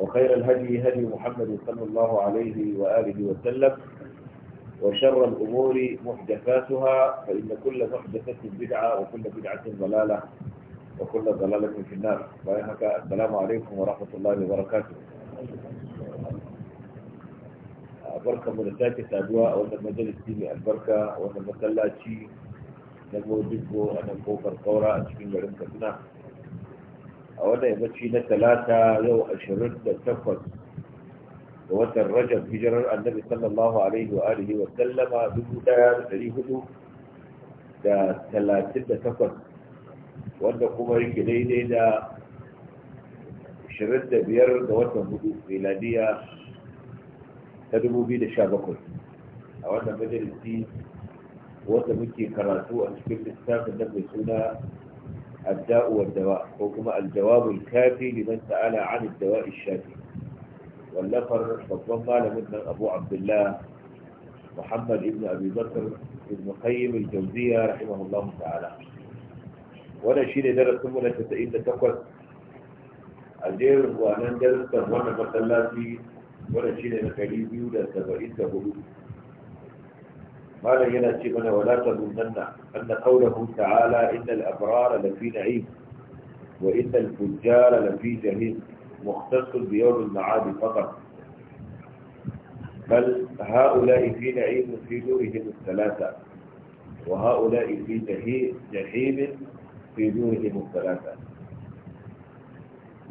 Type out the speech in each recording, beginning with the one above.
وخير الهدي هدي محمد صلى الله عليه وآله وسلم وشر الأمور محدثاتها فإن كل محدثة بدعة وكل بدعة ضلالة وكل ضلالة في النار السلام عليكم ورحمة الله وبركاته بركة من ساكت أدواء أو المجال الديني البركة أو المسلاتي نقول ديكو أنا كوفر كورا أشكين لرمكتنا a wannan yammaci na talata yau ashirin da takwas ga watan rajab hijirar annabi sallallahu alaihi wa alihi wa sallama dubu 1400 da dari hudu da da talatin takwas wanda kuma yake daidai da ashirin da biyar ga watan hudu miladiya ta dubu biyu da sha bakwai a wannan majalisi wanda muke karatu a cikin littafin da mai suna الداء والدواء وكما الجواب الكافي لمن سأل عن الدواء الشافي واللفر فضمى لمنا أبو عبد الله محمد بن أبي بكر بن قيم الجوزية رحمه الله تعالى وانا شيني درس منا تسئين تكوت الجير وانا درس وانا مثلا في وانا شيني نكالي بيو دا سبعين تهلو قال يناسبنا ولا تظنن أن قوله تعالى إن الأبرار لفي نعيم وإن الفجار لفي جهيم مختص بيوم المعاد فقط بل هؤلاء في نعيم في دورهم الثلاثة وهؤلاء في جحيم في دورهم الثلاثة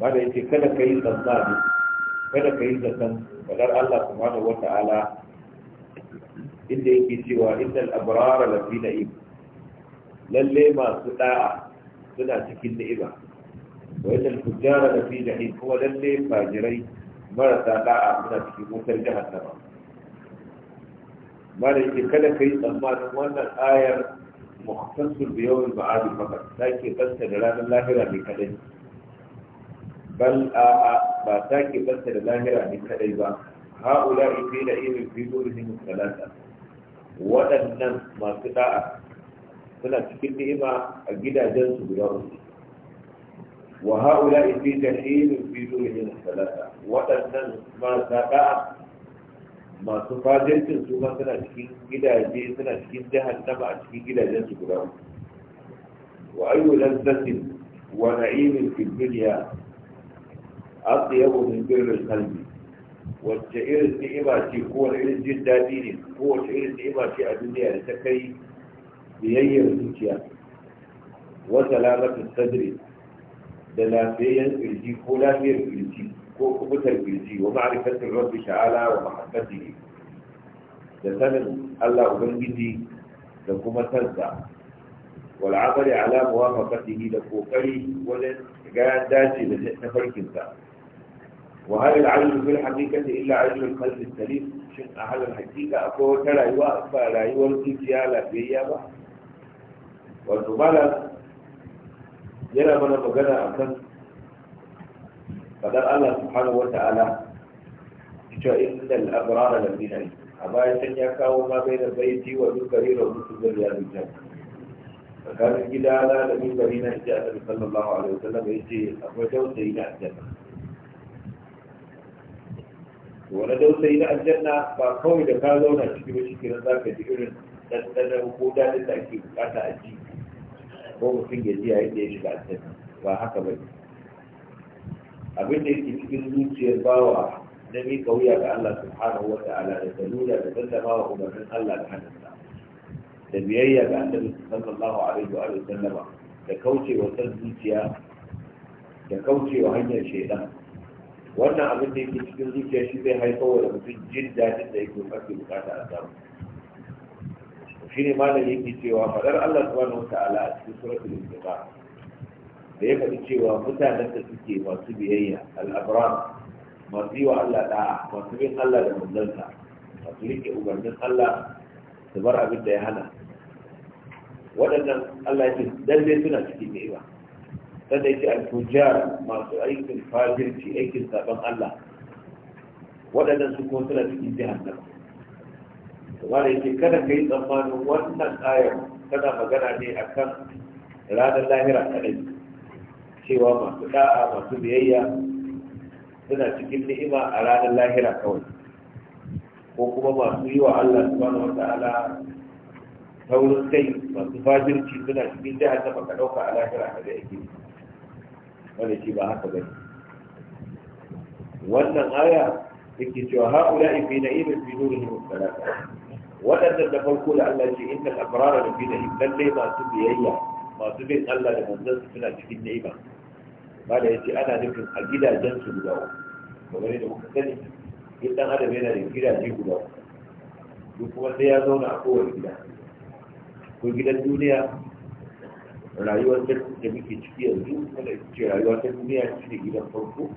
ماذا يتكلم كيف الصادق كذا كيف الله سبحانه وتعالى inda yake cewa innal abrar la fi na'im lalle ma su da'a suna cikin ni'ima wa innal fujjar la fi jahim kuma lalle fajirai marasa da'a suna cikin wutar jahannama mala yake kada kai tsammanin wannan ayar mukhtasul bi yawm al-ma'ad fakat take tsanta da ranar lahira ne kadai bal a ba take tsanta da lahira ne kadai ba ha'ula'i fi na'im fi nurihim salata waɗannan masu da'a suna cikin ni'ima a gidajensu guda uku wa haula fi jahimin fi zulmin salata waɗannan masu da'a masu fajircin su ma suna cikin gidaje suna cikin jahannama a cikin gidajensu guda uku wa ayyu lazzatin wa na'imin fi dunya أطيب من بر القلب wacce irin ni'ima ce ko wani irin jin daɗi ne ko wacce irin ni'ima ce a duniya da ta kai biyayyar zuciya wata salamatin sadri da lafiyayyen ƙirji ko lafiyar ƙirji ko kubutar ƙirji wa ma'arifatin rabbi sha'ala wa mahabbatihi da sanin Allah ubangiji da kuma sansa wal amali ala muwafaqatihi da kokari wajen ga dace da tafarkinsa وهل العجل في الحقيقة إلا عجل القلب السليم شئ أحد الحقيقة أقول أقوى كلا يوأفى في يولي في فيابا والمبالغ يلا من مجدى أكثر فقال الله سبحانه وتعالى إشاء إن الأبرار لم ينعي أبا يسن يكاو ما بين البيت والذكرير والذكرير والذكرير فكان الجدالة لم ينعي جاء النبي صلى الله عليه وسلم يجي أخرجه سيدنا جنة wani dausayi na aljanna ba kawai da ka zauna cikin ba shi za ka ji irin ɗanɗanar ko daɗin da ake bukata a ji ko mutum ya ji yayin da ya shiga aljanna ba haka ba ne abin da yake cikin zuciyar bawa na miƙa wuya ga Allah subhanahu wa ta'ala da dalula da sallama wa umarnin Allah da hannunsa da biyayya ga annabi sallallahu alaihi wa sallama da kaucewa san zuciya da kaucewa hanyar shaidan wannan abin da yake cikin zuciya shi zai haifar da mutum jin daɗin da yake ake bukata a samu shi ne malam yake cewa faɗar Allah subhanahu wata'ala a cikin suratul intiqa da ya faɗi cewa mutanen da suke masu biyayya al-abram masu yi wa Allah da'a masu bin Allah da manzansa masu rike umarnin Allah su bar abin da ya hana waɗannan Allah ya ce dan suna cikin ni'ima sannan yake al tujjar masu aikin fajirci aikin sabon Allah waɗannan su kuma suna cikin jahannama kuma da yake kada ka yi tsammanin wannan ayar tana magana ne akan ranar lahira kaɗai cewa masu ɗa'a masu biyayya suna cikin ni'ima a ranar lahira kawai ko kuma masu yi wa Allah subhanahu wa ta'ala taurin kai masu fajirci suna cikin jihar da baka ɗauka a lahira ake yi wanda shi ba haka bane wannan aya take cewa haula fi na'imin fi nurihim salata waɗannan da farko da Allah ce inna al-abrara da fi na'im lalle masu biyayya masu bin Allah da manzon su suna cikin ni'ima ba da yace ana nufin a gidajen su guda kamar da kuka sani in dan adam yana da gidaje guda duk kuma sai ya zauna a kowane gida ko gidan duniya rayuwar da muke ciki yanzu wanda ce rayuwa ta duniya shi da gidan farko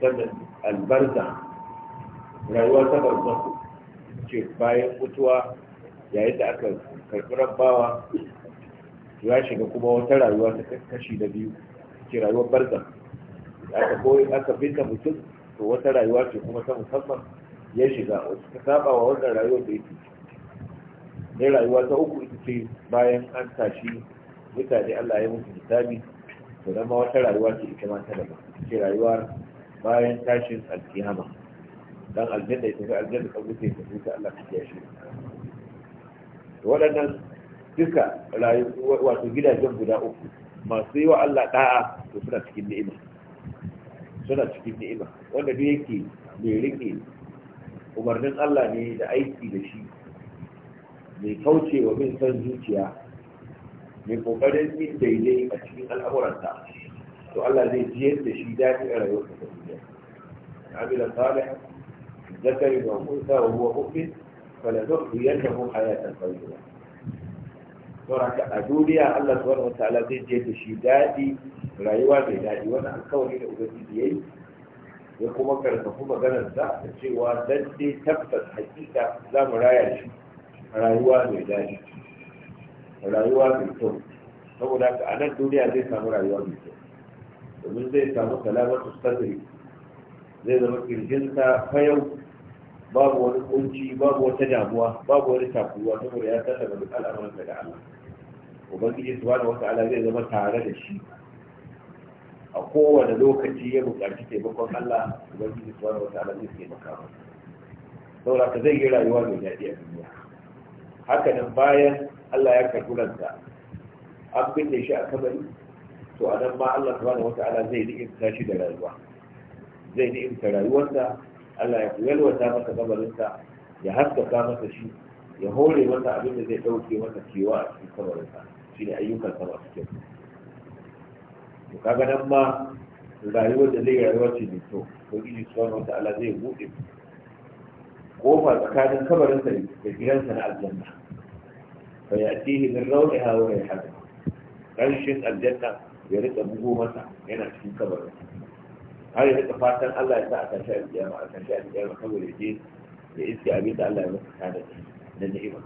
sannan albarza rayuwa ta barzaku ce bayan mutuwa yayin da aka karɓi rabbawa ya shiga kuma wata rayuwa ta kashi na biyu ce rayuwar barza aka koyi aka binta mutum to wata rayuwa ce kuma ta musamman ya shiga wasu ta saba wa wannan rayuwar da yake ne rayuwa ta uku ita ce bayan an tashi mutane Allah ya musu hisabi to dan wata rayuwa ce ita ma ta daban ce rayuwar bayan tashin alkiyama dan aljanna ita ga aljanna kan mutum ta tuka Allah ta kiyaye shi waɗannan duka rayuwa wato gidajen guda uku masu yi wa Allah da'a to suna cikin ni'ima suna cikin ni'ima wanda duk yake mai rike umarnin Allah ne da aiki da shi mai kauce wa bin san zuciya mai kokarin yin daidai a cikin al'amuranta, to Allah zai jiyar da shi daɗi a rayuwarsa ta duniya amila salih zakari wa musa wa huwa mu'min fala nuhyiyannahu hayatan tayyiba saboda a duniya Allah subhanahu wataala zai jiyar da shi daɗi rayuwa mai daɗi wannan alkawari da ubangiji yayi ya kuma karfafi maganar sa da cewa lalle tabbas hakika za mu raya shi rayuwa mai daɗi rayuwa mai kyau saboda ka a nan duniya zai samu rayuwa mai kyau domin zai samu salamatu sadri zai zama kirjinsa fayau babu wani kunci babu wata damuwa babu wani takuwa saboda ya san daga duk al'amuran da Allah ubangiji subhanahu wata'ala zai zama tare da shi a kowane lokaci ya buƙaci taimakon Allah ubangiji subhanahu wata'ala zai taimaka masa saboda ka zai yi rayuwa mai daɗi a duniya haka nan bayan Allah ya karbi ranta an binne shi a kabari to a nan ma Allah subhanahu wata'ala zai ni'imta shi da rayuwa zai ni'imta rayuwarsa Allah ya yalwata masa kabarinsa ya haskaka masa shi ya hore masa abin da zai dauke masa kewa a cikin kabarinsa shine ayyukan sa masu kyau to kaga nan ma rayuwar da zai rayuwa ce mai kyau ko gidi subhanahu wata'ala zai buɗe kofa tsakanin kabarinsa da gidansa na aljanna fa ya'tihi min rawdiha wa rayhaha kanshin aljanna ya rika bugo masa yana cikin kabarin har ya rika fatan Allah ya sa a tashi alkiyama a tashi alkiyama saboda je ya iske abin da Allah ya masa kada da ni'ima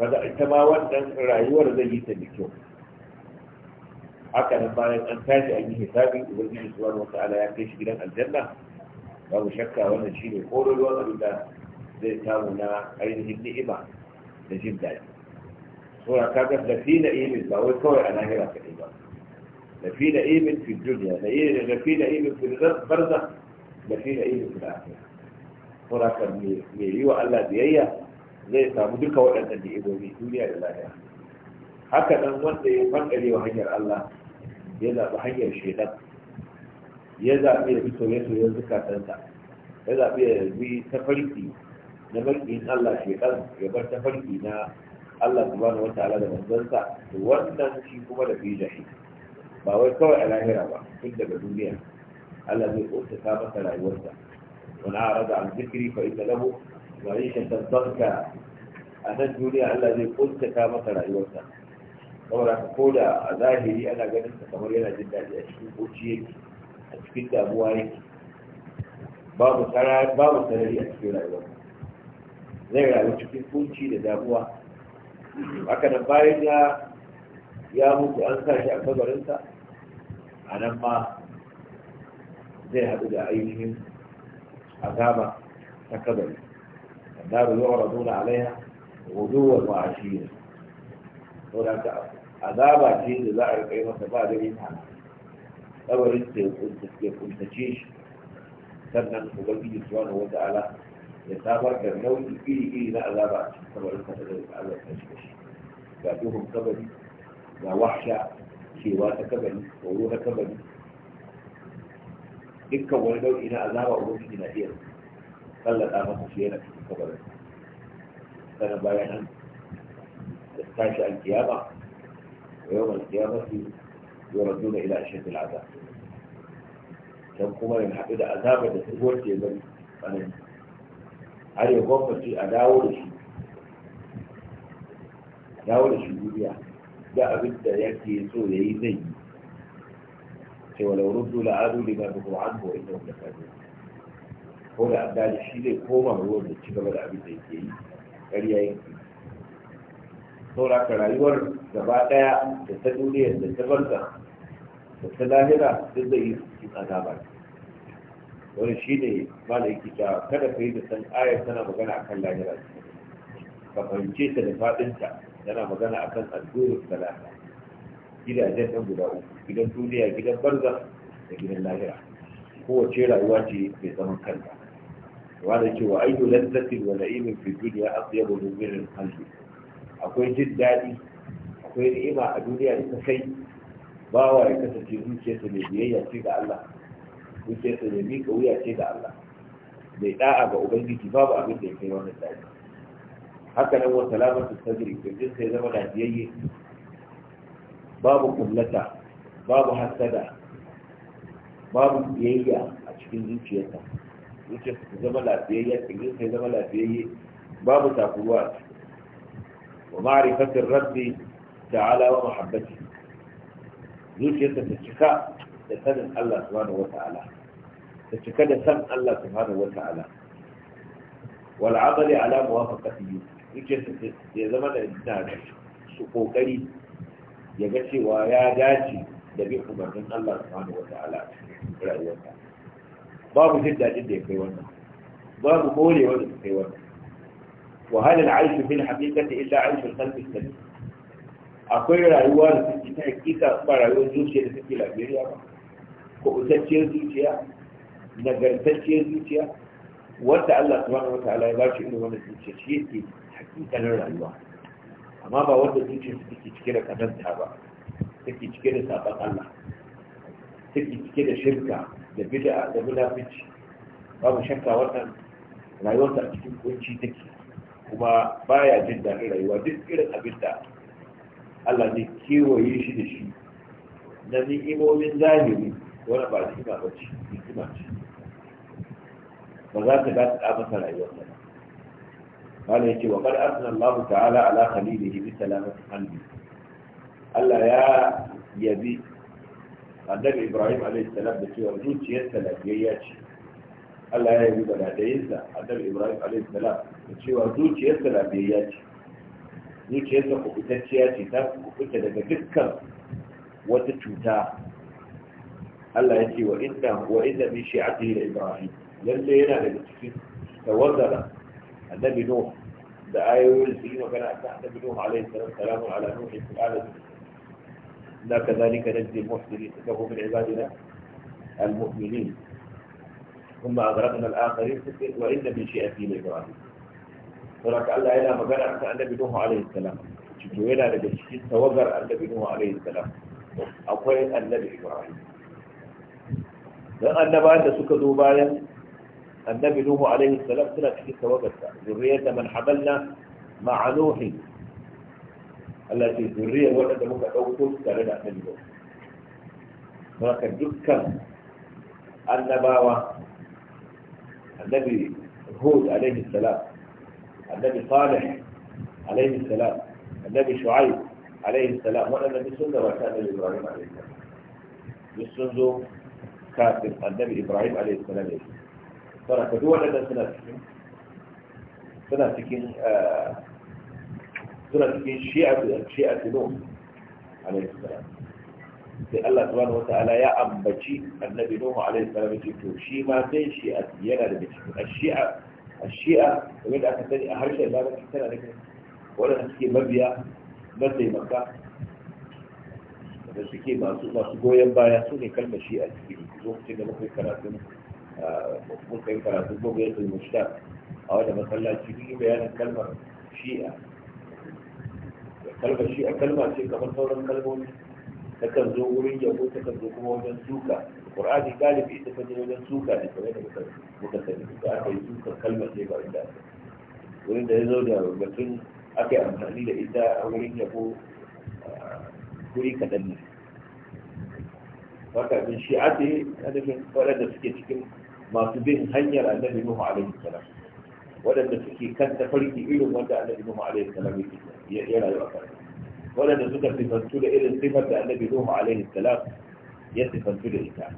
kaga ita ma wannan rayuwar zai yi ta da kyau haka nan bayan an tashi an yi hisabi ubangiji subhanahu wa ta'ala ya kai shi gidan aljanna babu shakka wannan shi ne koron abin da zai samu na ainihin ni'ima da jin daɗi sura ta ga da fi na'imin ba wai kawai a lahira kaɗai ba da fi na'imin fi duniya da da fi na'imin fi barza da fi na'imin fi lafiya sura ka mai yi wa Allah biyayya zai samu duka waɗannan ni'imomi duniya da lahira haka nan wanda ya fankare wa hanyar Allah ya zaɓi hanyar shaidan يزعي بسويته يزكى تنسى يزعي بسفريتي نبكي ان الله شيء قلب يبقى سفريتي نا الله سبحانه وتعالى لما تنسى وانا نشي كما لفي جحي فهو يتوى على هنا كل دقاء دنيا الذي قلت ثابتا لا يوزع من أعرض عن ذكري فإن له معيشة تنطلق أنا الذي قلت ثابتا لا يوزع ومن أقول ظاهري أنا قلت تمرينا جدا a cikin damuwa yake babu babu sarari a cikin rayuwa zai rayu cikin kunci da damuwa haka nan bayan ya ya mutu an sa shi a kabarinsa a nan ma zai haɗu da ainihin azaba ta kabari wa yu'raduna alaiya ghuduwan wa ashira saboda azaba ce da za a rika yi masa ba yin hannu kabarin da ya kuntace shi sannan ubangiji subhanahu wa ta'ala ya samar da nau'i iri iri na azaba a cikin kabarin ka da Allah ya shi shi ga duhun kabari ga wahsha cewa ta kabari tsoro na kabari dukkan wani nau'i na azaba ubangiji na iya tsallaka masa shi yana cikin kabarin sannan bayan an tashi alkiyama wa yawan alkiyama su يردون إلى أشد العذاب كم كما ينحدد عذابة تقول في ذلك أنا يعني هل يغفر شيء أداول شيء أداول شيء دنيا لا أبدا يكي سوء يزي لو ردوا لعادوا لما نهوا عنه وإنهم لكاذبون هنا أبدا الشيء زي كوما هو اللي تشبه الأبدا يكي ƙarya yake saura ka rayuwar gaba ɗaya أن ta duniyar da ta lahira duk zai yi cikin azaba wani shi ne ba da yake cewa kada ka yi da san ayar tana magana a kan lahira ka fahimce ta da faɗinta tana magana akan al'ummar talata gidajen ɗan guda uku gidan duniya gidan barza da gidan lahira kowace rayuwa ce mai zaman kanta wa da cewa ayyu lazzatin wa na'imin fi duniya asyabu min qalbi akwai jin daɗi akwai ni'ima a duniya da ta kai bawa ya kasance zuciyarsa mai biyayya ce ga Allah zuciyarsa mai mika wuya ce ga Allah mai da'a ga ubangiji babu abin da ya kai wannan da'a haka nan wa salamatu sadri kirjin sai zama da biyayye babu kullata babu hasada babu biyayya a cikin zuciyarsa zuciyarsa ta zama lafiyayya kirjin sai zama lafiyayye babu takuruwa a ciki wa ma'rifatir rabbi ta'ala wa mahabbati zuciyarka ta cika da sanin Allah subhanahu wata'ala ta cika da san Allah subhanahu wata'ala wal amali ala muwafaqatihi zuciyarka ta zama da ina su kokari ya ga cewa ya dace da bin umarnin Allah subhanahu wata'ala a rayuwarka babu jin daɗin da ya kai wannan babu morewa da ta kai wannan وهل العيش في الحقيقة إلا عيش القلب السليم akwai rayuwa da suke ta hakika ba rayuwar zuciya da suke Liberia ba Ko kubutacciyar zuciya nagartacciyar zuciya wanda Allah subhanahu ta'ala ya ba shi irin wannan zuciya shi yake hakikanin rayuwa amma ba wanda zuciya take cike da kadanta ba take cike da sabon Allah take cike da shirka da bid'a da munafici babu shakka wannan rayuwarsa a cikin kunci take kuma baya jin daɗin rayuwa duk irin abin da Allah zai kewaye shi da shi na ni'imomin zahiri wani ba shi ba ce ni'ima ce ba za ta gasa da masa rayuwar sa ba ne ce wa qad arsala Allah ta'ala ala khalilihi bi salamati qalbi Allah ya yabi annabi Ibrahim alaihi salam da cewa zuciyarsa lafiyayya ce Allah ya yabi baladayensa annabi Ibrahim alaihi salam da cewa zuciyarsa lafiyayya ce zuciyarsa kubutacciya ce ta kubuta daga dukkan wata cuta Allah ya ce wa inna wa inna min shi'atihi da Ibrahim lalle yana daga cikin tawazzala annabi Nuh da ayoyin su yi magana a akan annabi Nuh alaihi salam salamun ala Nuh fil alamin na kadhalika najzi al-muhsinin lahu min ibadina al-mu'minin ثم أغرقنا الآخرين shi من da Ibrahim. saboda Allah yana magana ta annabi Nuhu alaihi salam ciki yana daga cikin tawagar annabi Nuhu alaihi salam akwai annabi Ibrahim dan annabawan da suka zo bayan annabi Nuhu alaihi salam suna cikin tawagarsa zurriyar da man habalna ma'a Nuhi Allah ce zurriyar waɗanda muka ɗauko tare da annabi Nuhu saboda dukkan annabawa annabi Hud alaihi salam النبي صالح عليه السلام النبي شعيب عليه السلام ولا النبي سنة وكان إبراهيم عليه السلام بالسنة كاتب النبي إبراهيم عليه السلام ترك دول لنا سنة سنة تكين سنة آه، شيعة شيعة نوح عليه السلام sai سبحانه وتعالى يا ya ambaci annabi Nuhu alaihi salam yake to shi ma sai shi yana الشيئة ومن أكثر أهل شيء لا أكثر عليك ولا نسكي مبيا مدي مكة da suke masu goyon baya su ne kalmar shi a cikin lokacin da muka yi karatun muka yi karatun gogoyar da mushta a wanda masallaci duk bayanin kalmar shi'a kalmar shi'a kalma ce kamar sauran kalmomi ta kan zo wurin yabo ta kan zo kuma wajen suka alqur'ani galibi ita ta je wajen suka ne kamar da muka sani da aka yi suka kalmar ne ba inda aka wurin da ya zo da batun aka yi amfani da ita a wurin yabo guri kaɗan ne haka bin shi'a ce hadafin waɗanda suke cikin masu bin hanyar annabi Nuhu alaihi salam waɗanda suke kan tafarki irin wanda annabi Nuhu alaihi salam ya rayu a da irin sifar da annabi Nuhu alaihi salam ya sifantu da ita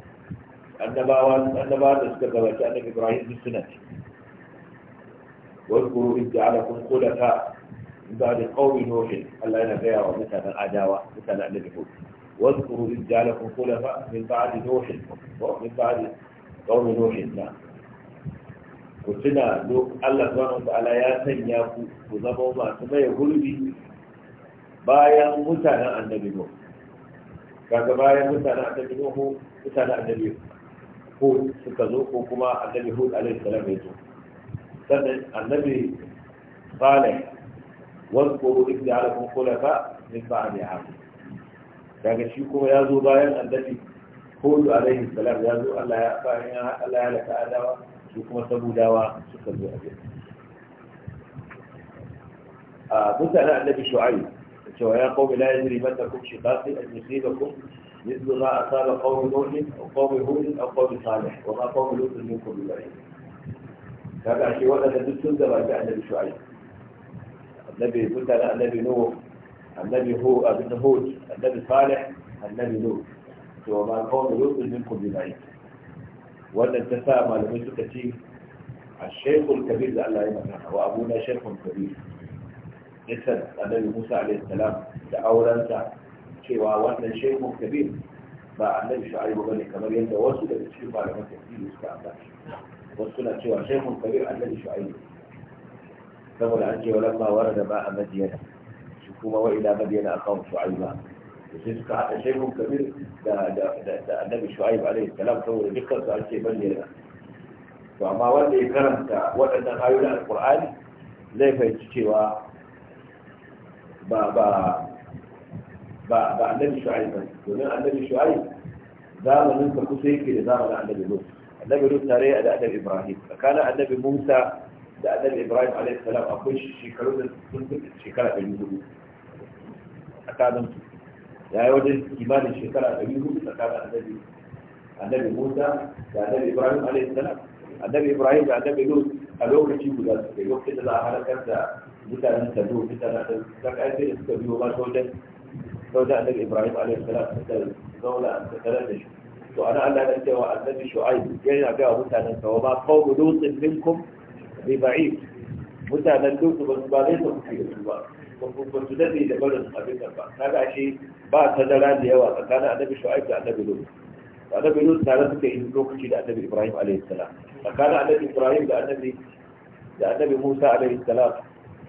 annabawa da suka gabata na ibrahim bin sunan wani in ji ala kun koda ka ba da kawai nufin allah yana gaya wa mutanen adawa mutanen annabi hudu wani guru in ji ala kun koda ka ba da nufin ba min ba da allah zuwa wa ta'ala ya sanya ku ku zama masu maye gurbi bayan mutanen annabi hudu kaga bayan mutane a dabi nuhu mutane a dabi hud suka zo ko kuma a annabi hud alaihi salam ya zo sannan annabi salih واذكروا إذ جعلكم ba a بعد عاد kaga shi kuma ya zo bayan annabi hudu alaihi salam ya zo Allah ya bayan ya Allah ya laka adawa su kuma sabudawa suka zo a jira a mutane annabi shu'aib سواء قوم لا يدري متى كن شقاقي ان يصيبكم مثل ما اصاب قوم نوح او قوم هود او قوم صالح وما قوم لوط منكم بالبعيد. هذا شيء ولد تدس سنده بعد النبي شعيب. النبي موسى النبي نوح النبي هو ابن هود النبي صالح النبي نوح. ما قوم لوط منكم بالبعيد. ولد التسامح لمثل كثير الشيخ الكبير لعله يمكنه وابونا شيخ كبير. nisan annabi musa alaihissalam da aurensa cewa wannan shekun kabir ba annabi shu'aibu bane kamar yadda wasu daga cikin malaman tafsiri suka ambata wasu suna cewa shekun kabir annabi shu'aibu saboda an ce walamma da ba a madiyana shi kuma wa ila madiyana aqam shu'aiba sai suka haɗa shekun kabir da annabi shu'aibu alaihi salam saboda dukkan su an ce bayyana to amma wanda ya karanta waɗannan ayoyin alƙur'ani zai fahimci cewa ba annabi shu'aib ba domin annabi shu'aib zamanin ka kusa yake da zamanin annabi lut annabi lut tare da annabi ibrahim tsakanin annabi musa da annabi ibrahim alaihi salam akwai shekaru da sun fi shekara ɗari hudu tsakanin su ya yi wajen kimanin shekara ɗari hudu tsakanin annabi annabi musa da annabi ibrahim alaihi salam annabi ibrahim da annabi lut a lokaci guda su kai lokacin da za a halakar da mutanen kado mutanen da Za ka aiki da suka biyo ba sojan sojan annabi ibrahim alaihi salam suka zauna a tattare da shi to ana Allah ya cewa annabi shu'aib yana ga mutanen sa wa ba qawlu lutin minkum bi ba'id mutanen lutu ba su ba zai ta kuke su ba ba su dade da barin abin ba kaga shi ba tazara da yawa tsakanin annabi shu'aib da annabi lut annabi lut tare suka yin lokaci da annabi ibrahim alaihi salam tsakanin annabi ibrahim da annabi da annabi musa alaihi salam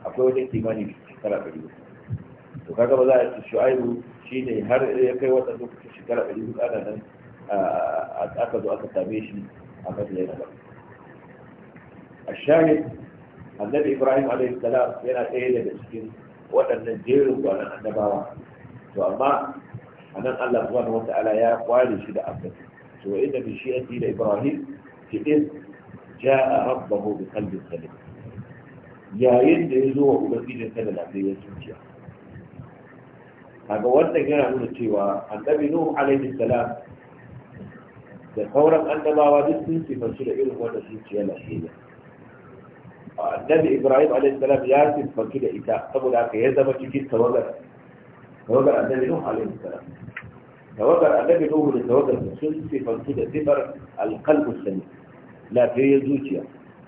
akwai wata kimanin shekara ɗari uku to kaga ba za a ce shu'aibu shine har ya kai wata lokacin shekara ɗari uku ana nan aka zo aka same shi a matsayin ba a shahid annabi ibrahim alayhi salam yana ɗaya daga cikin waɗannan jerin gwanan annabawa to amma a nan allah subhanahu wa ta'ala ya kware shi da abin to inda bishiyar shi'ati da ibrahim ki in ja'a rabbahu bi salim yayin da ya zo wa ubangijinsa da lafiyar zuciya kaga wannan yana nuna cewa annabi nuhu alaihi salam da sauran annabawa duk sun sifanci da irin wannan zuciya lafiya annabi ibrahim alaihi salam ya sifanci da ita saboda haka ya zama cikin tawagar tawagar annabi nuhu alaihi salam tawagar annabi nuhu da tawagar sun sifanci da sifar alqalbu sani lafiyar zuciya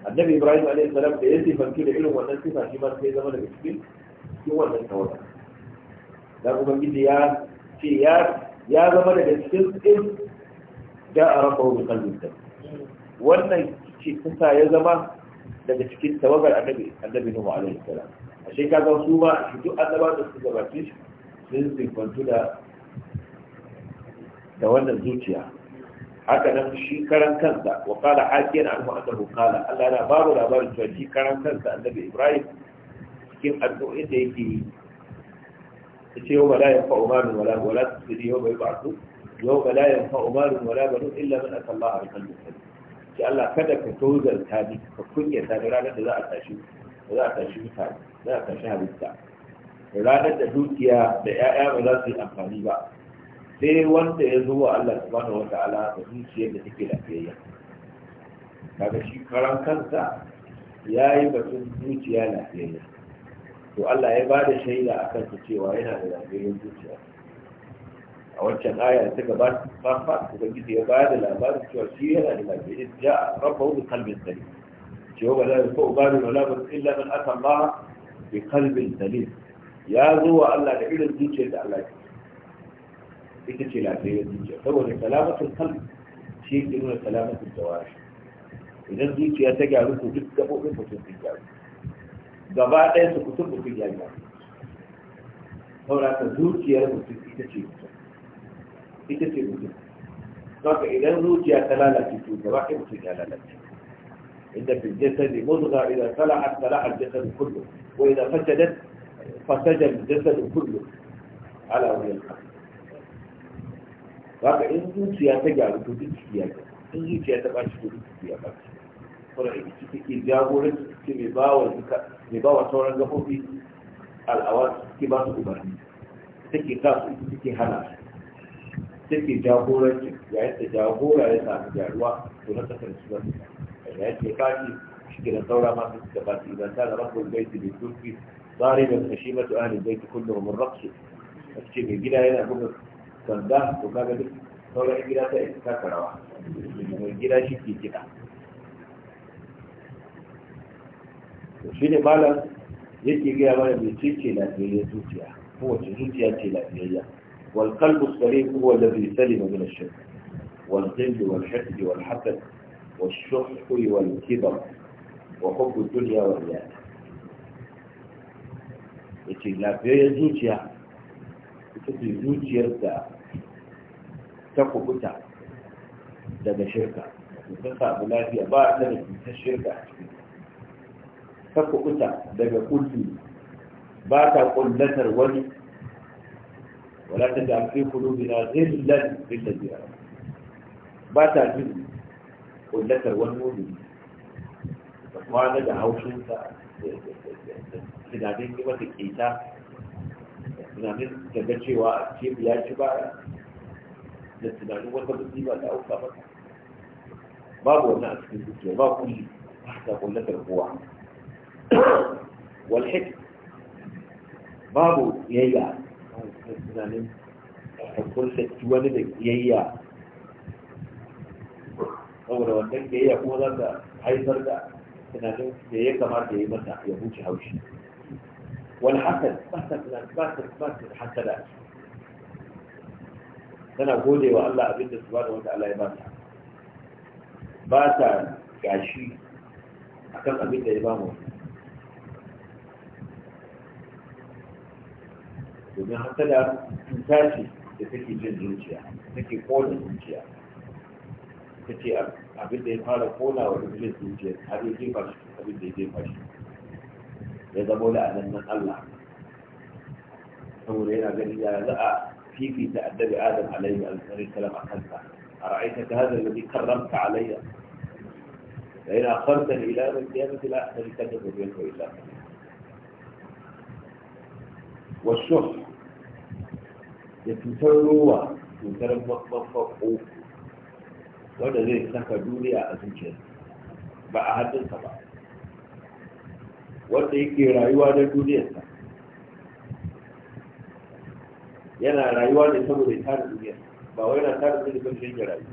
annabi ibrahim alaihi salam da ya sifantu da irin wannan sifa shi ma sai zama daga cikin cikin wannan tawada kuma Gidi ya ce ya ya zama daga cikin in da wani kalbin ta. wannan ce kusa ya zama daga cikin tawagar annabi annabi nuhu alaihi salam ashe ka su ma shi duk annaba da su gabace shi sun sifantu da da wannan zuciya haka nan shi karan kansa wa qala hakiyan anhu annahu qala Allah yana babu labarin cewa shi karan kansa annabi Ibrahim cikin addu'o'in da yake yi yace yau bala ya fa'u malun wala wala tsiri yau bai ba'tu yau bala ya fa'u malun wala banu illa man ata Allah bi qalbin salim Allah kada ka tozarta ni ka kunya ta ranar da za a tashi za a tashi mutane za a tashi halitta ranar da dukiya da 'ya'ya ba za su yi amfani ba sai wanda ya zo wa Allah subhanahu wa ta'ala da zuciyar da take lafiyayya kaga shi karan kansa ya yi batun zuciya lafiyayya to Allah ya ba da shaida akan kansa cewa yana da lafiyayyen zuciya a waccan aya ta gaba fafa ubangiji ya ba da labarin cewa shi yana da lafiyayyen ja rabbahu bi qalbin salim cewa ba zai ko ubani wala ba illa man ata Allah bi qalbin salim ya zo wa Allah da irin zuciyar da Allah ya تكتي لا تريدك فهو لسلامة القلب شيء يجب أن سلامة الجوارح إذا ذلك يتجعلك جدك مؤمن وتنتجعلك دباء ليس كتب في الجامعة هو لا تزور كي يرى مؤمن إتتي مؤمن إتتي مؤمن فإذا ذلك يتلالا كتب جواح وتجعل لك إن في الجسد مضغى إذا صلحت صلح الجسد كله وإذا فسدت فسجد الجسد كله على وجه القلب haka in zuciya ta gyaru to duk ciki ya gyaru in zuciya ta ɓaci to duk ciki ya ɓaci kuma ita ce take jagoranci ce mai ba wa mai ba wa sauran gafofi al'awa ke ba su umarni take sa su ita take hana su take jagoranci yayin da jagora ya samu gyaruwa to na kasar su zan yayin da ya kashi shi ke da saura masu da ba su idan ta da rabbul baiti bi turki tsari da kashimatu ahli baiti kullum mun raqsu ce mai gida yana buga سردا کوکا گدی والقلب السليم هو الذي سلم من الشرك والذل والحقد والحسد والشح والكبر وحب الدنيا والرياء. إتي لا بيزوتيا ita ce zuciyar da ta kubuta daga shirka ta samu lafiya ba a da cutar shirka a cikin ta kubuta daga kulli ba ta kullatar wani wala ta da amfi kulubina zillan billahi ba ta jin kullatar wani Ba da na da haushinsa da tunanin yi mata ƙeta tunanin da ga cewa a ce ya ci baya da tunanin wata ba da auka ba, babu wani a cikin zuciya ba kulli ba ta kullatar kowa wal hikma babu yayya da tunanin ka kullaci wani da yayya saboda wannan yayya kuma za ta haifar da tunanin da ya kamata ya yi mata ya huce haushi والحسد باسك باسك باسك حسدا tana godewa Allah abinda subhanahu wataala ya bata gashi akan abin da ya bamu domin hasada cuta ce da take jin zuciya take kona zuciya ta ce abin da ya fara kona wa iblis zuciya har ya abin da ya ya zamo la'anannan Allah saboda yana gani ya za a fifita annabi Adam alaihi alaihi salam a kansa a ra'aita ta hada alladhi karramta alayya da yana farta da ila yawm al-qiyamah la ashrika laka wa bihi illa wa shuh da cutar ruwa cutar mafafafo wanda zai saka duniya a zuciya ba a hannunsa ba wanda yake rayuwa na duniyarsa yana rayuwa ne saboda ya tara duniya ba wai yana tara duniya saboda shi rayuwa.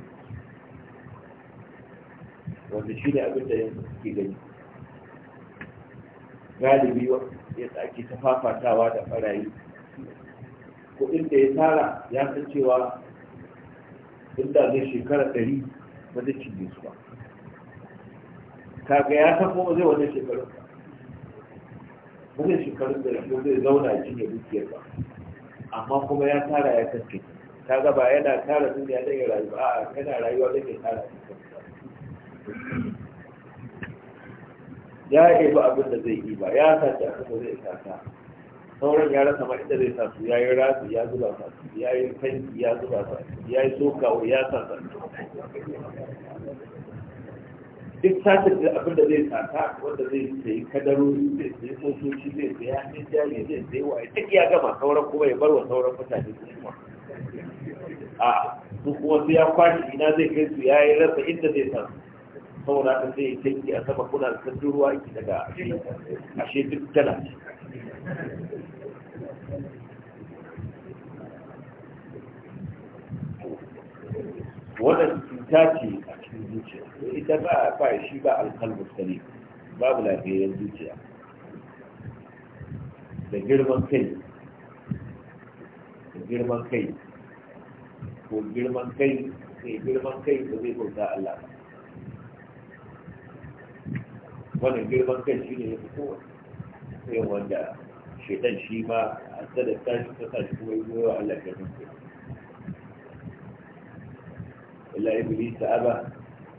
wanda shi ne abin da ya ke gani galibi yadda tsaki ta fafatawa da farayi ko da ya tara ya san cewa inda zai shekara ɗari ba zai cinye su ba kaga ya san kuma zai wani shekarun ba shekarun da ko zai zauna a ne dukiyar ba amma kuma ya tara ya kaske ta gaba yana tara duniya don ya rayuwa a yana rayuwa zai ya tara ya yi ba abin da zai yi ba ya sace a kuma zai sata sauran ya rasa inda zai sasu ya yi rasu ya zuba sasu ya yi tanki ya zuba sasu ya yi sokawo ya sasa duk sashen da abin da zai sata wanda zai sayi kadaro zai sayi motoci zai sayi hannun jari zai sayi waye duk ya gama sauran kuma ya bar wa sauran mutane su kuma a su kuma su ya kwashi ina zai kai su ya yi rasa inda zai san saboda ta zai tanki a sama kuna da sandun ruwa ki daga ashe duk tana wannan cuta ce a cikin zuciya ita ba ba shi ba alkalmus salim babu lafiyar zuciya da girman kai da girman kai ko girman kai sai girman kai da zai bauta Allah wannan girman kai shi ne ya fito sai wanda shaitan shi ma a sadar tashi ta tashi kuma yi goyo Allah ya nufi Allah ya iblis ta aba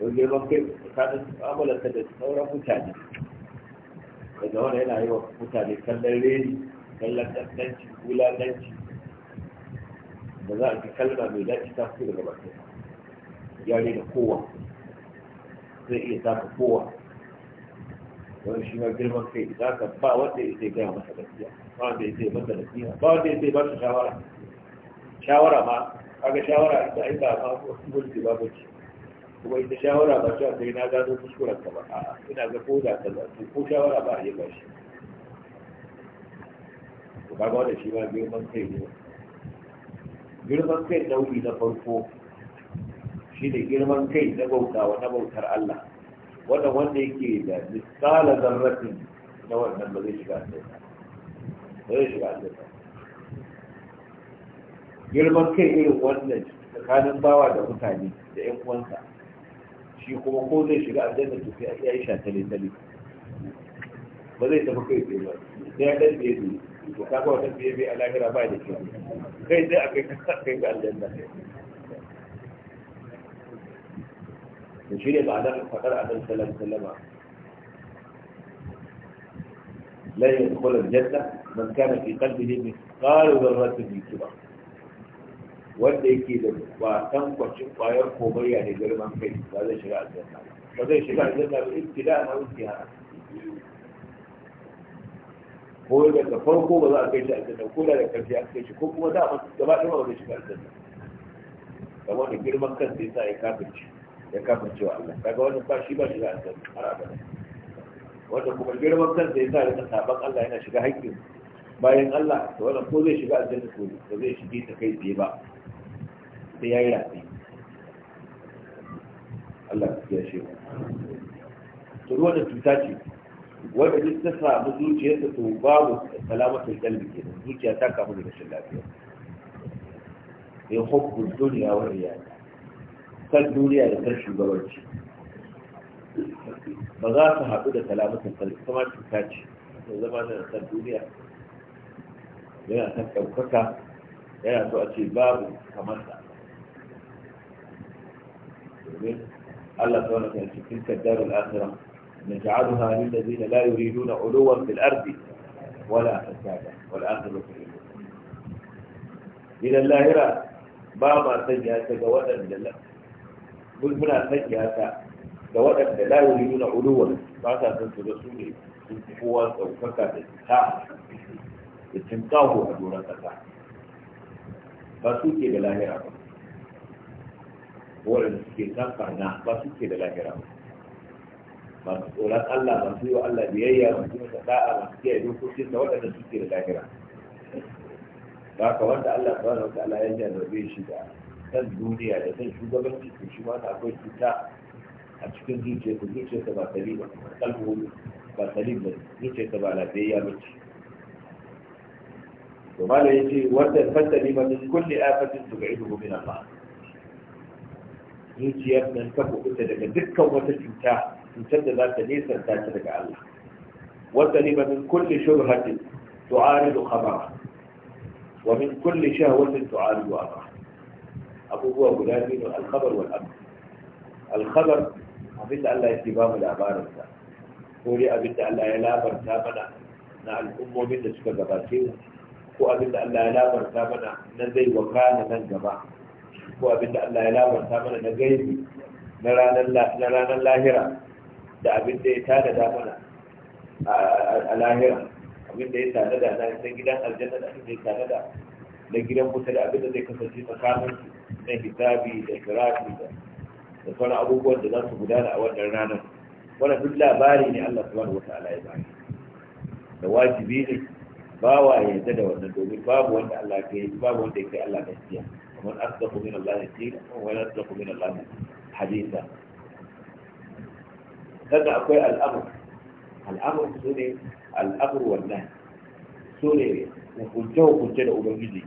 وجيه ممكن خادث أمول التدس نورا فتادي فدهون هنا هو فتادي كالنرين كالنجم ننجم ولا ننجم نظر أنت كلمة ميلاك تفكير ربكي يعني القوة زي إذاك القوة ويشي ما يقول ممكن إذاك أبا ودي إذي جاء مثلا فيها ما عندي إذي مثلا فيها ما عندي إذي مثلا شاورا شاورا ما أجا شاورا إذا إذا ما أقول إذي ما أقول kuma ita shawara ba cewa sai na gano kuskuren ka ba a'a ina ga ko da ta to ko shawara ba a yi ba shi ba. ba da shi ba girman kai ne girman kai nauyi na farko shi ne girman kai na bautawa na bautar Allah wannan wanda yake da misala zarratin na wannan ba zai shiga a ba zai shiga girman kai irin wannan tsakanin bawa da mutane da ƴan uwansa شيخ وقوله شيخ عجلنا في عيشة ثلاثة لك بذي تفكير في الله دي عدد بيدي وكاكو عدد بيدي على غير عبادة كيف دي عبادة في عجلنا نشيري بعد فقر عدد سلام سلام لا يدخل الجنة من كان في قلبه مثقال ذرة في كبار wanda yake da ba tankwacin kwayar komayya da girman kai ba zai shiga aljanna ba zai shiga aljanna ba ibtida na wuciya ko daga farko ba za a kai shi aljanna ko da daga karshe a kai shi ko kuma za a gaba ɗaya ba zai shiga aljanna ba wanda girman kan sai sa ya kafirce ya kafirce wa Allah daga wannan ba shi ba shiga aljanna har abada wanda kuma girman kan sai sa ya saban Allah yana shiga haƙƙin bayan Allah da wannan ko zai shiga aljanna ko ba zai shige ta kai tsaye ba sai ya yi rafi Allah ya shi to ruwa da cuta ce wanda duk ta samu zuciyarsa to babu salamatul qalbi ke zuciya ta kamu da rashin lafiya ya hubbu duniya wa riya kan duniya da kan shugabanci ba za su haɗu da salamatul qalbi kuma cuta ce da zama da kan duniya yana ta ɗaukaka yana so a ce babu kamar sa قال لك تعالى في تلك الدار الآخرة نجعلها للذين لا يريدون علوا في الأرض ولا فسادا والآخرة في الأرض إلى الله ما باما سيئات من جل قل منا سيئات جوادا لا يريدون علوا فأسا سنت رسولي سنت قوان سوفكا بالتحاء بالتمتاه أدورة تحاء فسوكي بلاهرة بلاهرة waɗanda suke kan farna ba su ke da lahira ba su tsoron Allah ba su yi wa Allah biyayya ba su masa da'a ba su kiyaye dokokin da waɗanda suke da lahira ba ka wanda Allah subhanahu wa Allah ya jarrabe shi da san duniya da san shugabanci to shi ma akwai cuta a cikin zuciyarsa ta ba sali ba kalbu ba sali ba ta ba lafiyayya ba ce to malam ce wanda fasali ba min kulli ido tub'iduhu min ba. zuciyar nan ta kuɓuta daga dukkan wata cuta cutar da za ta nesanta ta daga Allah wata ne min kulli shubhatin tu'aridu khabara wa min kulli shahwatin tu'aridu amara abubuwa guda biyu ne alkhabar wal amr alkhabar abin da Allah yake ba mu labarin sa ko dai abin da Allah ya labarta mana na al'ummomin da suka gabace mu ko abin da Allah ya labarta mana na zai wakana nan gaba ko abin da Allah ya labarta mana na gaibi na ranar lahira da abin da ya tada da mana a lahira abin da ya tada da na gidan aljanna da abinda ya tada da na gidan wuta da abin da zai kasance tsakanin na hisabi da shirafi da sauran abubuwan da za su gudana a wannan ranar wannan duk labari ne Allah subhanahu wata'ala ya bani da wajibi ne bawa ya yarda da wannan domin babu wanda Allah ya kai babu wanda yake Allah gaskiya wani asdaku min Allah qila wani asdaku min Allah hadisa kaga akwai al'amur al'amur sune hukunce hukunce da ubangiji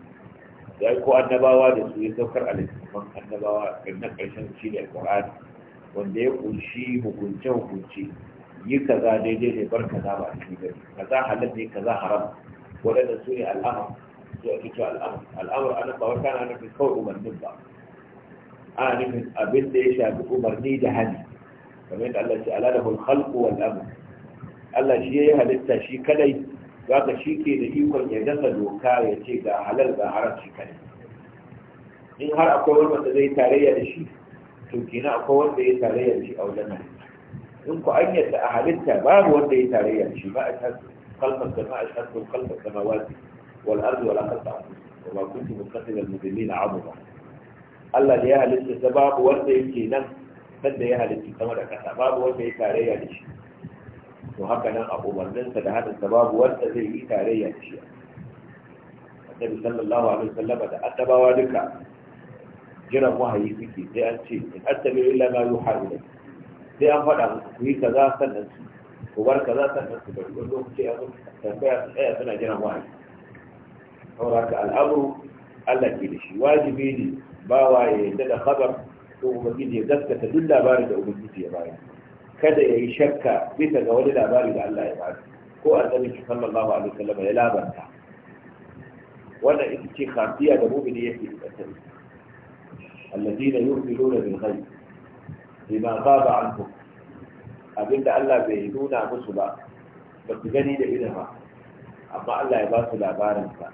ya ko annabawa da su ya saukar a littattafan annabawa alƙur'ani wanda ya kunshi hukunce hukunce yi kaza daidai ne bar kaza ba a cikin gari kaza halal ne za haram waɗanda su ne al'amur ya ake cewa al'amur al'amur ana ba wata ana nufin kawai umarnin ba ana nufin abin da ya shafi umarni da hali kamar yadda Allah ce ala lahul khalqu wal amr Allah shi ya yi halitta shi kadai ka shi ke da ikon ya dasa doka ya ce ga halal ga haram shi kadai in har akwai wani wanda zai tarayya da shi to kina akwai wanda ya tarayya da shi a wajen nan in ku an yadda a halitta babu wanda ya tarayya da shi ba a kalmar sama a shakul kalmar samawati والأرض ولا خلق وما كنت متخذ المجرمين عظما الله da ya halitta babu wanda yake nan sanda ya halitta sama da kasa babu wanda ya tarayya da shi to haka nan a umarninsa da hadin babu wanda zai yi tarayya da shi annabi sallallahu alaihi wasallam da addabawa duka jiran wahayi suke sai an ce in attabi illa ma yuha ilai sai an faɗa musu ku yi kaza sannan su ku bar kaza tsaya suna jiran wahayi sauraka al'amru Allah ke da shi wajibi ne ba wa ya yadda da khabar ko ubangiji ya gaskata duk labarin da ubangiji ya bayar kada ya yi shakka bisa ga wani labari da Allah ya bayar ko annabi sallallahu alaihi wasallam ya labarta wannan ita ce khafiya da mu'mini yake tsakani alladina yu'minuna bil ghaib bima ghaba anhum abinda Allah bai nuna musu ba ba su gani da idan ba amma Allah ya ba su labarin sa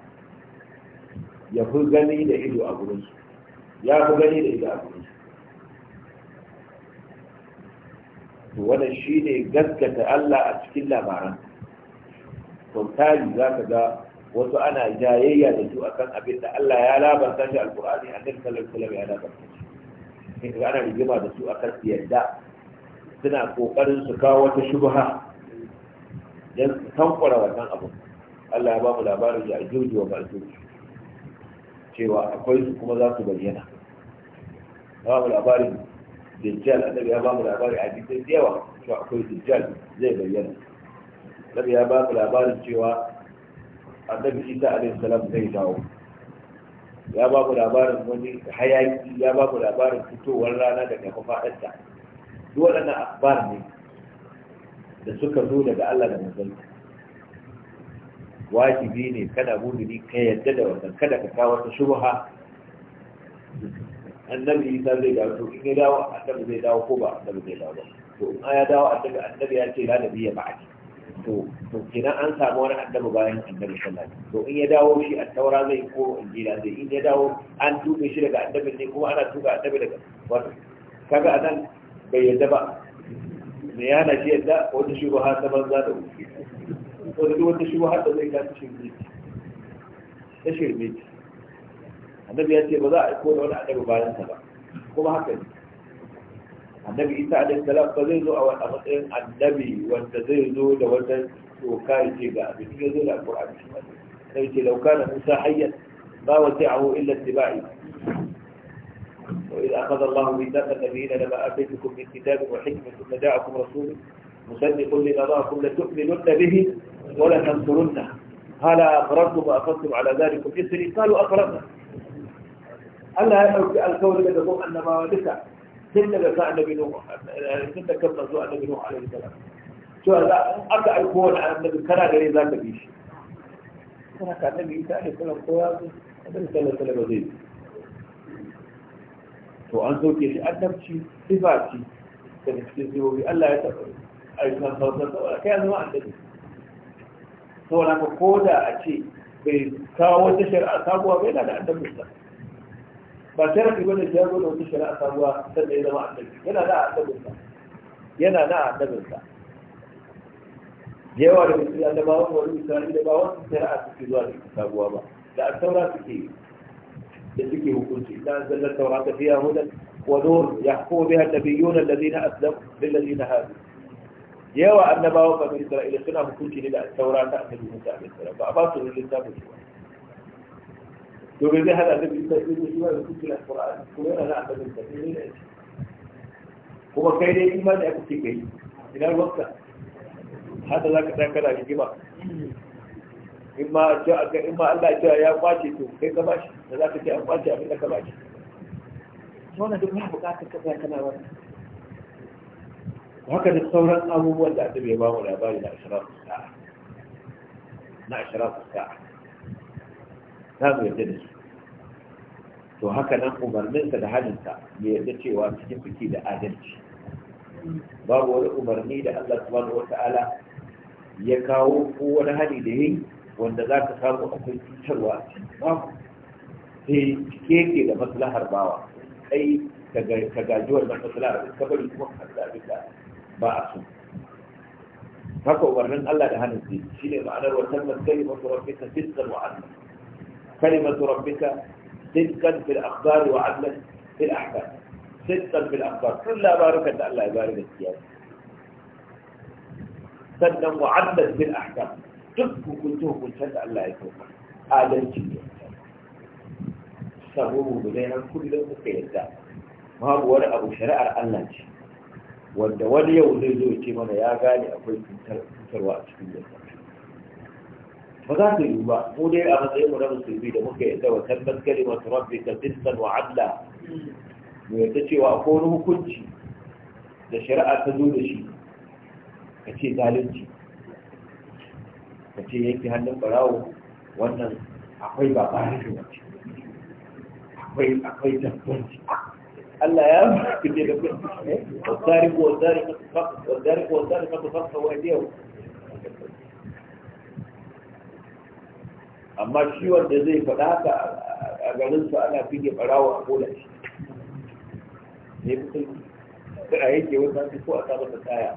ya fi gani da ido a gurinsu ya fi gani da ido a gurinsu to wannan shi ne gaskata Allah a cikin labaran sautari za ka ga wasu ana jayayya da su akan abin da Allah ya labarta shi alkur'ani annabi sallallahu alaihi wasallam ya labarta shi sai ana rigima da su akan yadda suna kokarin su kawo wata shubha dan tankura wannan abu Allah ya ba mu labarin da ajuju wa ma'juju cewa akwai su kuma za su bayyana ba mu labarin dajjal annabi ya ba mu labarin a jikin da yawa cewa akwai dajjal zai bayyana annabi ya ba mu labarin cewa annabi isa alaihi salam zai dawo ya ba mu labarin wani hayaki ya ba mu labarin fitowar rana daga mafaɗarta duk waɗannan akbar ne da suka zo daga Allah da manzon wajibi ne kana mumini ka yadda da wannan kada ka kawo ta shubha annabi isa zai dawo to in ya dawo annabi zai dawo ko ba annabi zai dawo ba to in ya dawo annabi annabi ya ce la ya ba'di to to kenan an samu wani annabi bayan annabi sallallahu alaihi to in ya dawo shi at-taura zai ko injila zai in ya dawo an tuka shi daga annabi ne kuma ana tuka annabi daga wato kaga anan bai yadda ba me yana shi yadda wata shubha ta banza da wuce to da wata shi har da zai kasu shirme ta shirme ta annabi ya ce ba za a aiko da wani annabi bayan sa ba kuma haka ne annabi isa alaihi salam ba zai zo a wani matsayin annabi wanda zai zo da wata doka ya ce ga abin da zai da alqur'ani shi ba sai ce laukana musa hayyan ba wasi'ahu illa tibai وإذ أخذ الله ميثاق النبيين لما آتيتكم من كتاب وحكمة ثم جاءكم رسول مصدق لما معكم لتؤمنن به ولا تنصرنا هل أقررتم وأخذتم على ذلك إسري قالوا أقررنا ألا يحوك الكون لدهم أن ما ودك سنة لساء النبي نوح سنة كم نسوء النبي نوح عليه السلام شو هذا أكا الكون على النبي كنا غير ذاك بيش كنا كان النبي إيسا عليه السلام قوات النبي صلى الله عليه وسلم كيش وأن زوجي صفات صفاتي كان في الزيوبي ألا يتقل أي كان صلى الله عليه وسلم كان ما عندنا to na ka koda a ce bai kawo wata shari'a sabuwa bai na da annabin sa ba sharafi ba ne ya zo da wata shari'a sabuwa sannan ya zama annabi yana da annabin sa yana da annabin sa yawa da mutum ya daba wani wani misali da ba wasu shari'a suke zuwa da sabuwa ba da an taura suke da suke hukunci da an zallar taura ta fiya hudan ونور يحكم بها النبيون الذين أسلموا للذين هادوا yawa annabawa banu isra'ila suna hukunci ne da taura ta annabi musa alaihi salam ba a ba su wani littafin su to bai zai hada annabi musa alaihi salam da hukunci na qur'ani kuma yana da annabi musa alaihi salam kuma kai dai imani aka ce kai ina ruwanka hada ka ta kana rigima in ma ce aka in ma Allah ya ya kwace to kai ka bashi da zaka ce an kwace abin da ka bashi wannan duk ba bukatar ka kana wannan haka da sauran abubuwan da annabi ya bamu labari na ashirar sa'a na ashirar sa'a za mu yarda da su to haka nan umarninsa da halinsa ya yarda cewa cikin fiki da adalci babu wani umarni da Allah subhanahu ala ya kawo ko wani hali da yi wanda za ka samu akwai cutarwa babu sai cike ke da maslahar bawa kai ka gaji wannan maslahar ka bari kuma ka da ba a so haka umarnin Allah da hannun zai shi ne ma'anar wa kalmar kalimatu rabbika sidqan wa adlan kalimatu rabbika sidqan fil akhbar wa adlan fil ahkam sidqan fil akhbar kun labarukan da Allah ya bari gaskiya sannan wa adlan fil ahkam duk hukunce hukuncen da Allah ya kawo adalci ne sabo mu da nan kullum muka yadda babu wani abu shari'ar Allah ce wanda wani yau zai zo ce mana ya gane akwai cutarwa a cikin jasa ba za ka yi ba Ko dai a matsayin mu na musulmi da muka yadda wa tabbat kalimar rabbi ka dinsan wa allah mu yadda cewa ko wani hukunci da shari'a ta zo da shi ka ce zalunci ka ce yanke hannun barawo wannan akwai ba ba akwai akwai tabbaci Allah ya fice da kuɗi tariku wa tariku wa tariku wa tariku fa wa adiyu amma shi wanda zai faɗa haka a garin su ana fige barawa a kola shi ne fi sai a yake wata ko a sa da kaya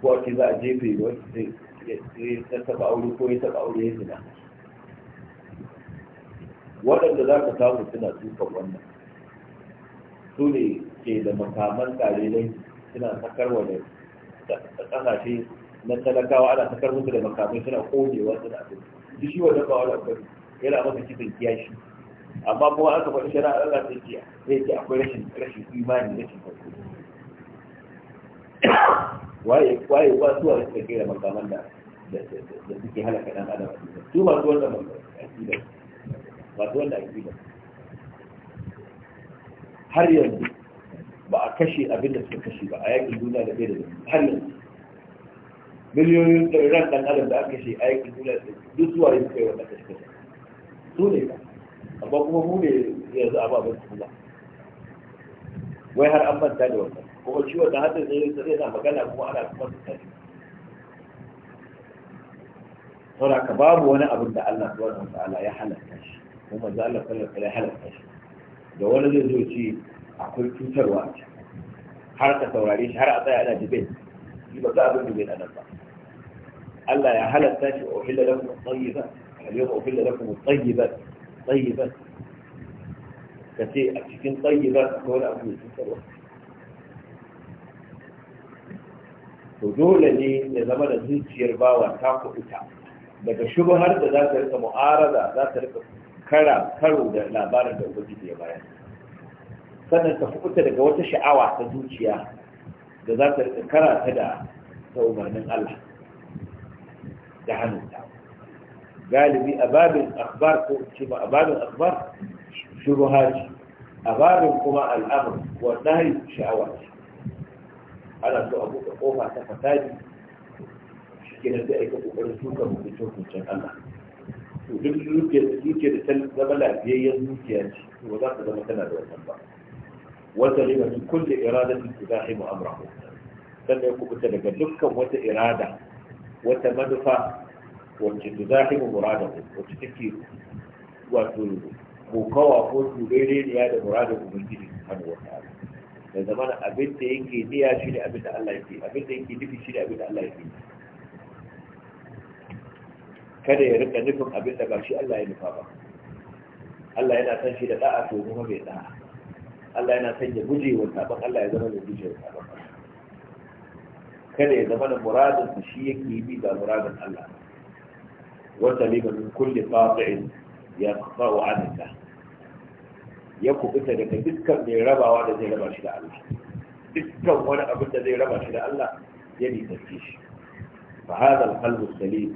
ko a ce za a jefe wani sai ta taɓa aure ko ya taɓa aure ya zina waɗanda za ka samu suna tukar wannan su ne ke da makaman ne suna sakarwa da ƙasashe na talakawa ana sakar musu da makamai suna ƙonewa suna abin duk shi wannan ba wani abin yana masa kisan kiyashi amma kuma aka faɗi na Allah ta ce ya ce akwai rashin rashin imani rashin farko waye waye ba su a cikin da makaman da da suke halaka dan adam su masu wannan makaman wato wanda aƙida har yanzu ba a kashe abin da suka kashe ba a yakin duniya da bai da zai har yanzu miliyoyin ran ɗan adam da aka kashe a yakin duniya da duk zuwa yin kai wanda kashe kashe su ne ba amma kuma mu ne yanzu a ba ban su ba wai har an manta da wannan kuma ciwon da hadin zai zai na magana kuma ana kuma su tafi saboda ka babu wani abin da Allah subhanahu wa ta'ala ya halatta shi kuma za Allah sallallahu alaihi halatta shi da wani zai zo ci akwai cutarwa a ciki har ka saurare shi har a tsaya ana debate shi ba za a bin debate nan ba Allah ya halatta shi a ohilla lakum tayyiba al-yawma ohilla lakum tayyiba tayyiba kace a cikin tayyiba akwai wani abu mai cutarwa to dole ne ya zama da zuciyar bawa ta kuɓuta daga shubhar da za ta rika mu'arada za ta rika kara karo da labarin da ubangiji ya bayar sannan ka kubuta daga wata sha'awa ta zuciya da za ta karata da ta umarnin Allah da hannunta galibi a babin akhbar ko ce ba a babin akhbar shubuhaji a babin kuma al'amur wallahi sha'awa ce ana so a buɗe kofa ta fasadi shi ke nan sai aika kokarin tuka hukuncin Allah to duk zuciya da ta zama lafiyayyen zuciya ce to ba za ta zama tana da wannan ba wata lima su kulle irada su su zahi mu'amurahu sannan ya kubuta daga dukkan wata irada wata manufa wacce su zahi mu'amurahu wacce take wato kokawa ko turere ne ya da muradin ubangiji subhanahu wa ta'ala da zamana abin da yake niyya shi ne abin da Allah yake abin da yake nufi shi ne abin da Allah yake kada ya rika nufin abin da ba shi Allah ya nufa ba Allah yana san shi da da'a to kuma bai da'a Allah yana san ya guje wa sabon Allah ya zama da guje wa sabon kada ya zama da muradin shi yake bi ga muradin Allah wata liba min kulli qati'in ya qata'u anka ya kubuta daga dukkan mai rabawa da zai raba shi da Allah dukkan wani abin da zai raba shi da Allah ya nisanci shi fa hadha al-qalbu qalb salim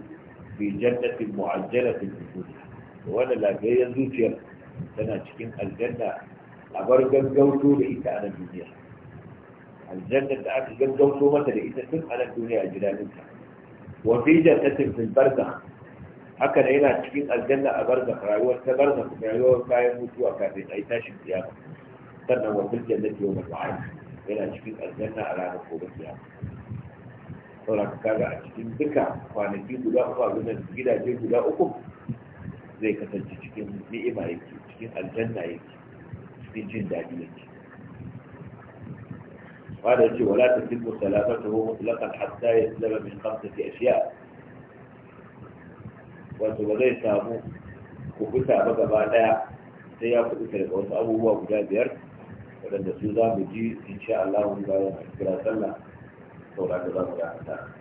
fi jannatin mu'ajjalatin nufus wanda lafiyayyen zuciyar tana cikin aljanna a bar gaggauto da ita a nan duniya aljannar da aka gaggauto mata da ita tun a nan duniya a gidaninta wa fi jannatin fil barzakh haka da yana cikin aljanna a barzakh rayuwar ta barzakh rayuwar bayan mutuwa kafin a yi tashin kiyama sannan wa fil jannati wa ma'ad yana cikin aljanna a ranar gobe kiyama ka kaga a cikin duka kwanaki guda uku a gudan gidaje guda uku zai kasance cikin ni'ima yake cikin aljanna yake cikin jin daɗi yake ta قال يجي ولا تتم سلامته مطلقا حتى يسلم kamta خمسة ashiya wato ba zai samu kubuta ba gaba daya sai ya kukuta daga wasu abubuwa guda biyar waɗanda su za mu ji sha Allah mun ga yana kira sallah saboda ba za mu dakata